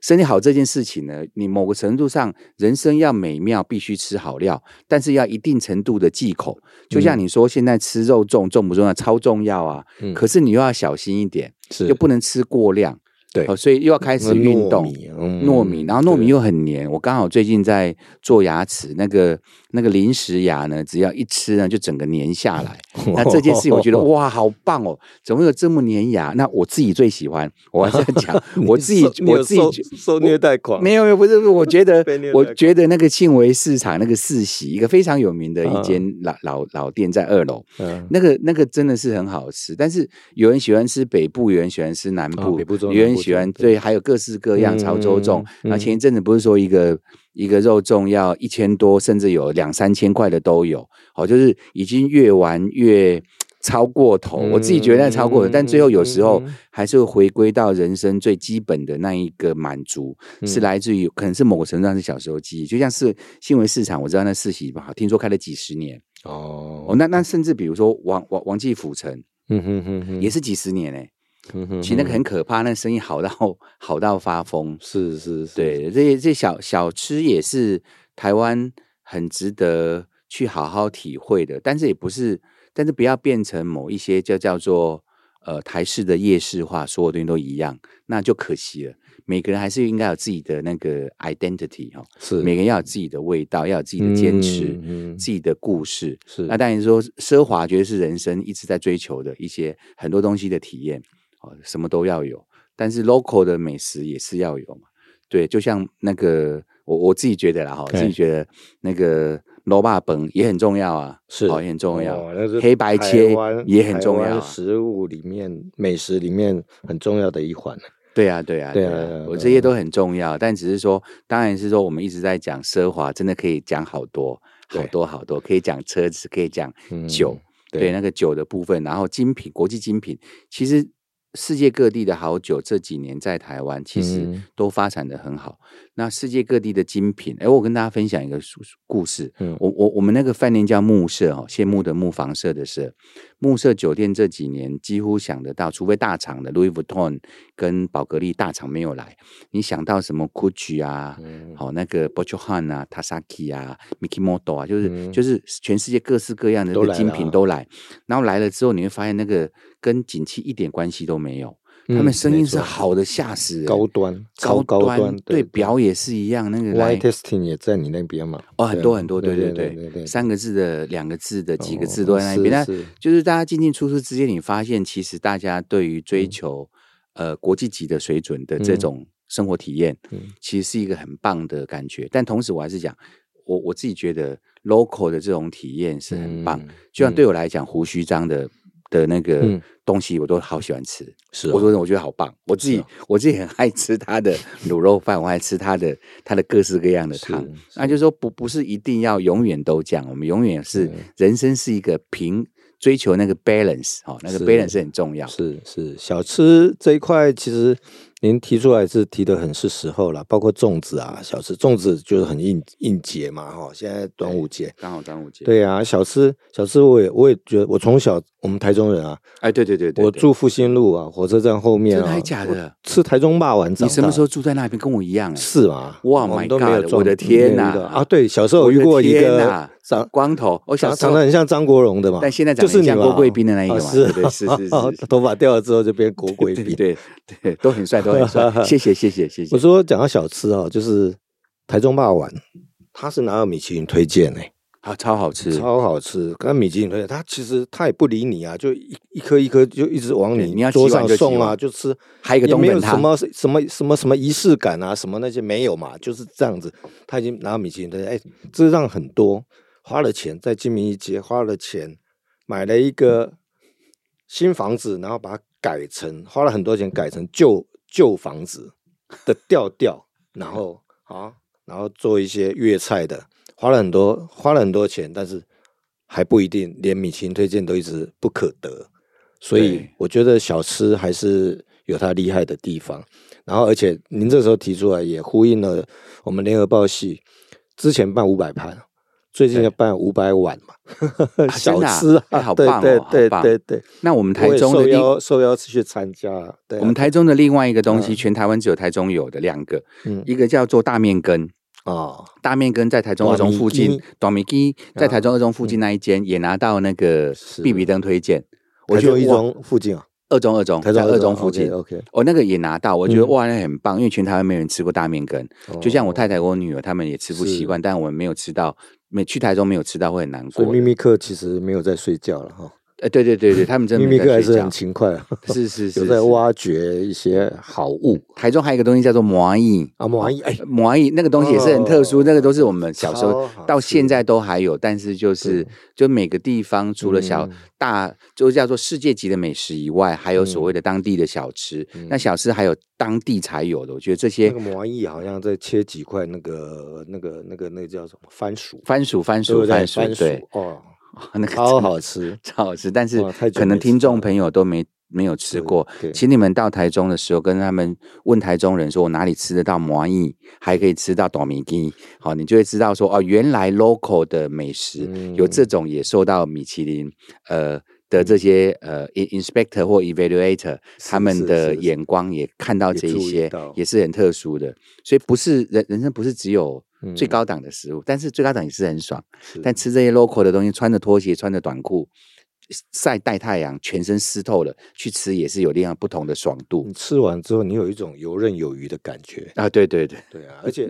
身體好這件事情呢，你某個程度上，人生要美妙，必須吃好料，但是要一定程度的忌口。就像你說，現在吃肉重重不重要，超重要啊，嗯！可是你又要小心一點，就不能吃過量。對、哦，所以又要開始運動糯米，糯、米、嗯、糯米，然後糯米又很黏。我剛好最近在做牙齒，那個那個臨時牙呢，只要一吃呢，就整個黏下來。啊、那這件事情我覺得、哦、哇、哇，好棒哦！怎麼有這麼黏牙？哦、那我自己最喜歡，啊、我還是講，我自己我自己受、我受虐待狂。沒有沒有，不是，我覺得我覺得那個慶維市場那個四喜，一個非常有名的一間老老、啊、老店，在二樓，啊、那個那個真的是很好吃。但是有人喜歡吃北部，有人喜歡吃南部，哦、北部中南部有人。喜歡對,對，還有各式各樣、嗯、潮州粽。那、嗯、前一陣子不是說一個、嗯、一個肉粽要一千多，甚至有兩三千塊的都有。好、哦，就是已經越玩越超過頭。嗯、我自己覺得那超過頭、嗯，但最後有時候還是會回歸到人生最基本的那一個滿足，嗯、是來自於可能是某個程度上是小時候記憶，就像是新聞市場，我知道那世席吧，聽說開了幾十年哦,哦。那那甚至比如說王王王記府城，嗯哼哼、嗯嗯嗯、也是幾十年呢、欸。其實那個很可怕，那個、生意好到好到發瘋，是是是，是，對。這些這些小小吃也是台灣很值得去好好體會的，但是也不是，但是不要變成某一些就叫做呃台式的夜市化，所有東西都一樣，那就可惜了。每個人還是應該有自己的那個 identity 哈、哦，是，每個人要有自己的味道，要有自己的堅持，嗯嗯嗯自己的故事。是，那當然說奢華，絕對是人生一直在追求的一些很多東西的體驗。什麼都要有，但是 local 的美食也是要有嘛？對，就像那個我我自己覺得啦哈，我自己覺得那個滷肉飯也很重要啊，是，哦、也很重要、哦，黑白切也很重要、啊，食物裡面美食裡面很重要的一環、啊啊啊。對啊，對啊，對啊，我這些都很重要，但只是說，當然是說我們一直在講奢華，真的可以講好多好多好多，可以講車子，可以講酒，嗯、對，對那個酒的部分，然後精品國際精品，其實。世界各地的好酒這幾年在台灣其實都發展的很好，嗯。那世界各地的精品，哎，我跟大家分享一個故事。嗯、我我我們那個飯店叫慕舍哦，羨慕的慕，房舍的舍，嗯、慕舍酒店這幾年幾乎想得到，除非大廠的 Louis Vuitton 跟寶格麗大廠沒有來，你想到什麼？Gucci 啊，好，嗯哦，那個 Boucheron 啊，Tasaki 啊，Mikimoto 啊，就是，嗯、就是全世界各式各樣的精品都來，都來啊。然後來了之後，你會發現那個。跟景氣一點關係都沒有，嗯、他們聲音是好的嚇死、欸，高端、高端,高端,高端對對對，對表也是一樣。那個 Y testing 也在你那邊嘛？哦，很多很多，對對對，三個字的、兩個字的、哦、幾個字都在那邊。但就是大家進進出出之間，你發現其實大家對於追求、嗯、呃國際級的水準的這種生活體驗、嗯嗯，其實是一個很棒的感覺。但同時，我還是講，我我自己覺得 local 的這種體驗是很棒、嗯。就像對我來講、嗯，胡鬚張的。的那個東西我都好喜歡吃，是、嗯，我說我覺得好棒，哦、我自己、哦、我自己很愛吃他的滷肉飯，我愛吃他的他的各式各樣的湯，那就是說不不是一定要永遠都這樣，我們永遠是，是人生是一個平追求那個 balance 哦，那個 balance 很重要，是是小吃這一塊其實。您提出來是提的很是時候了，包括粽子啊，小吃，粽子就是很應應節嘛，哈，現在端午節、哎、剛好端午節，對啊，小吃小吃，我也我也覺得，我從小我們台中人啊，哎，對對對對，我住復興路啊，對對對火車站後面啊，真的還假的？吃台中霸丸子，你什麼時候住在那邊？跟我一樣、欸，是嗎？哇，My God，我的天哪！啊，對，小時候有遇過一個。長光頭，我、哦、想時長,長得很像張國榮的嘛，但現在長得就是你像郭貴賓的那一個嘛，哦、是、啊哦、是、啊哦、是,、啊是,啊是啊，頭髮掉了之後就變郭貴賓，對對,對,對,對,對，都很帥，都很帥。 謝謝謝謝謝謝。我說講到小吃啊、哦，就是台中霸碗，他是拿到米其林推薦的、欸。啊，超好吃，超好吃。剛米其林推薦，他其實他也不理你啊，就一一顆一顆就一直往你桌上送啊，就,就吃。還有一個有沒有什麼什麼什麼,什麼,什,麼什麼儀式感啊，什麼那些沒有嘛，就是這樣子，他已經拿到米其林推薦，哎，這讓很多。花了錢在精明一街花了錢買了一個新房子，然後把它改成花了很多錢改成舊舊房子的調調，然後啊，然後做一些粵菜的，花了很多花了很多錢，但是還不一定連米其林推薦都一直不可得，所以我覺得小吃還是有它厲害的地方。然後，而且您這時候提出來，也呼應了我們聯合報系之前辦五百盤。最近要辦五百碗嘛， 小吃啊，啊、欸，好棒哦！好棒。對對，那我們台中的邀受邀去參加。我們台中的另外一個東西，嗯、全台灣只有台中有的兩個、嗯，一個叫做大麵羹哦，大麵羹在台中二中附近，短米雞在台中二中附近那一間、嗯、也拿到那個必比登推薦。我去一中，中附近啊，二中二中，中，二中在二中附近，OK，, OK 我那個也拿到，我覺得哇，那很棒，嗯，因為全台灣沒有人吃過大麵羹，嗯，就像我太太、我女兒他們也吃不習慣，但我們沒有吃到，沒去台中沒有吃到會很難過。我秘密客其實沒有在睡覺了哈。哎、呃，對對對，他們真的還是很勤快啊！是是是，有在挖掘一些好物。是是是是，台中還有一個東西叫做魔芋啊，魔芋哎，魔芋那個東西也是很特殊，哦，那個都是我們小時候到現在都還有，但是就是就每個地方除了小大，就叫做世界級的美食以外，嗯、還有所謂的當地的小吃，嗯。那小吃還有當地才有的，我覺得這些魔芋，那個，好像在切幾塊那個那個那個那個叫什麼番薯？番薯番薯番薯對哦。哦，那個、超好吃，超好吃，超好吃，但是可能聽眾朋友都沒沒，都沒，沒有吃過。請你們到台中的時候，跟他們問台中人說：“我哪裡吃得到螞蟻，還可以吃到哆咪雞？”好、哦，你就會知道說：“哦，原來 local 的美食、嗯、有這種也受到米其林呃的這些呃、嗯、inspector 或 evaluator 他們的眼光也看到這一些，是是是也，也是很特殊的。所以不是人人生不是只有。嗯，最高檔的食物，但是最高檔也是很爽。但吃這些 local 的東西，穿着拖鞋，穿着短褲，曬曬太陽，全身濕透了去吃，也是有另外不同的爽度。你吃完之後，你有一種游刃有餘的感覺啊！對對對，對啊，而且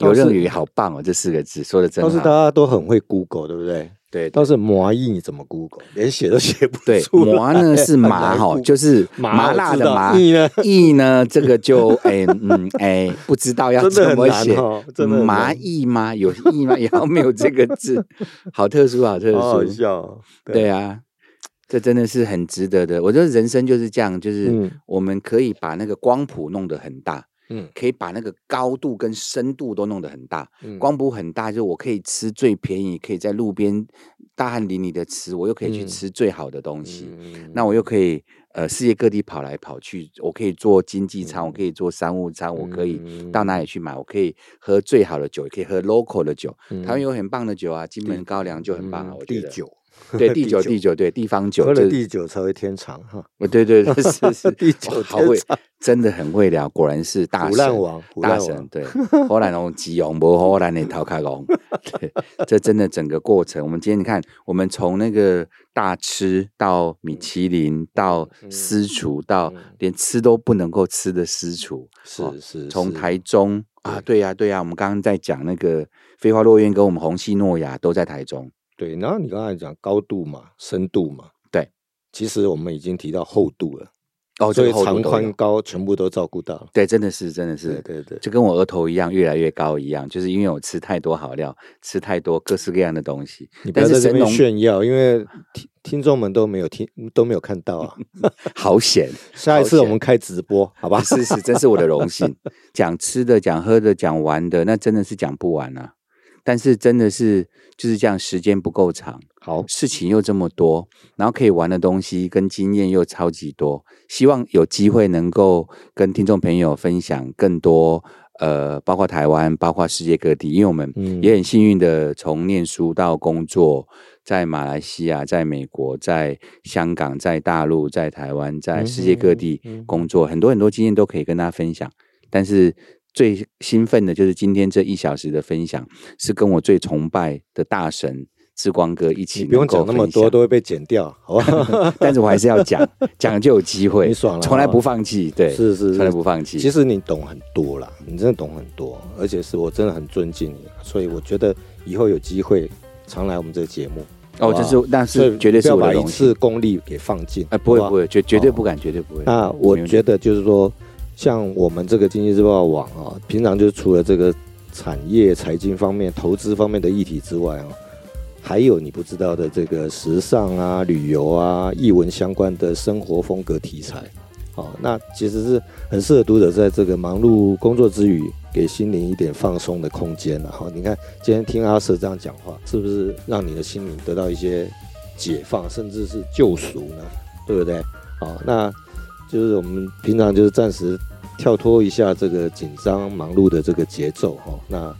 游 刃有餘好棒哦！這四個字說的真好，但是大家都很會 Google，對不對？對，但是麻藝你怎麼 Google 連寫都寫不對，麻呢是麻哈，哦，就是麻辣的麻。異呢，異呢，這個就哎嗯哎，不知道要怎麼寫，哦、麻藝嗎？有意嗎？然後沒有這個字？好特殊，好特殊好好笑，哦，對，對啊，這真的是很值得的。我覺得人生就是這樣，就是我們可以把那個光譜弄得很大。嗯，可以把那個高度跟深度都弄得很大，嗯、光譜很大，就是我可以吃最便宜，可以在路邊大汗淋漓的吃，我又可以去吃最好的東西，嗯嗯嗯、那我又可以呃世界各地跑來跑去，我可以坐經濟艙、嗯，我可以坐商務艙，我可以到哪裡去買，我可以喝最好的酒，可以喝 local 的酒，嗯、台灣有很棒的酒啊，金門高粱就很棒、啊，好地酒。對，地酒地酒，對，地方酒，喝了地酒才會天長哈。哦，對對對， 是地是酒，好會，真的很會聊，果然是大神亂王，亂王，大神對。荷蘭龍吉永，無荷蘭的陶卡龍，對， 對 這真的整個過程。我們今天你看，我們從那個大吃到米其林，嗯、到私廚、嗯，到連吃都不能夠吃的私廚、嗯，是是，是。從台中對啊，對呀、啊、對呀、啊啊啊，我們剛剛在講那個飛花落院跟我們虹夕諾雅都在台中。對，然後你剛才講高度嘛，深度嘛，對，其實我們已經提到厚度了，哦，所以長寬高全部都照顧到了，哦、對，真的是，真的是，對對，對，就跟我額頭一樣越來越高一樣，就是因為我吃太多好料，吃太多各式各樣的東西，你不要在這邊炫耀，因為聽聽眾們都沒有聽都沒有看到啊， 好險，下一次我們開直播好，好吧？是是，真是我的榮幸， 講吃的，講喝的，講玩的，那真的是講不完啊。但是真的是就是這樣，時間不夠長，好事情又這麼多，然後可以玩的東西跟經驗又超級多，希望有機會能夠跟聽眾朋友分享更多。呃，包括台灣，包括世界各地，因為我們也很幸運的從念書到工作，在馬來西亞，在美國，在香港，在大陸，在台灣，在世界各地工作，很多很多經驗都可以跟大家分享，但是。最興奮的就是今天這一小時的分享，是跟我最崇拜的大神志光哥一起。你不用講那麼多，都會被剪掉，好吧？ 但是我還是要講，講 就有機會。你爽了，從來不放棄，對，是是，是，是，從來不放棄。其實你懂很多了，你真的懂很多，而且是我真的很尊敬你，所以我覺得以後有機會常來我們這個節目。哦，就是，但是絕對是我的把一次功力給放盡。啊、不會不會，絕絕對不敢、哦，絕對不會。啊，我覺得就是說。像我們這個經濟日報網啊，平常就是除了這個產業、財經方面、投資方面的議題之外啊，還有你不知道的這個時尚啊、旅遊啊、藝文相關的生活風格題材，哦，那其實是很適合讀者在這個忙碌工作之餘，給心靈一點放鬆的空間、啊。然、哦、你看，今天聽阿舍這樣講話，是不是讓你的心靈得到一些解放，甚至是救贖呢？對不對？啊、哦，那。就是我們平常就是暫時跳脫一下這個緊張忙碌的這個節奏哈、哦，那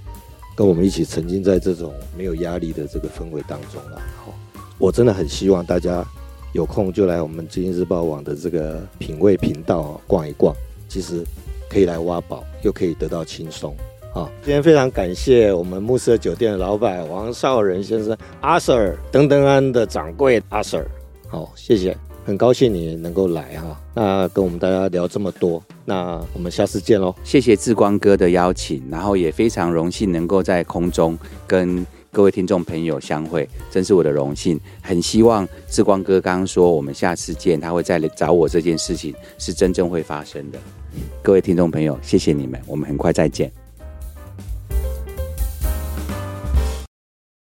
跟我們一起沉浸在這種沒有壓力的這個氛圍當中了、啊、哈、哦。我真的很希望大家有空就來我們《經濟日報網》的這個品味頻道啊、哦、逛一逛，其實可以來挖寶，又可以得到輕鬆好，今天非常感謝我們慕舍酒店的老板王劭仁先生，阿 Sir 燈燈庵的掌櫃阿 Sir，好，謝謝。很高興你能夠來哈啊，那跟我們大家聊這麼多，那我們下次見嘍。謝謝志光哥的邀請，然後也非常榮幸能夠在空中跟各位聽眾朋友相會，真是我的榮幸。很希望志光哥剛剛說我們下次見，他會再來找我這件事情是真正會發生的。各位聽眾朋友，謝謝你們，我們很快再見。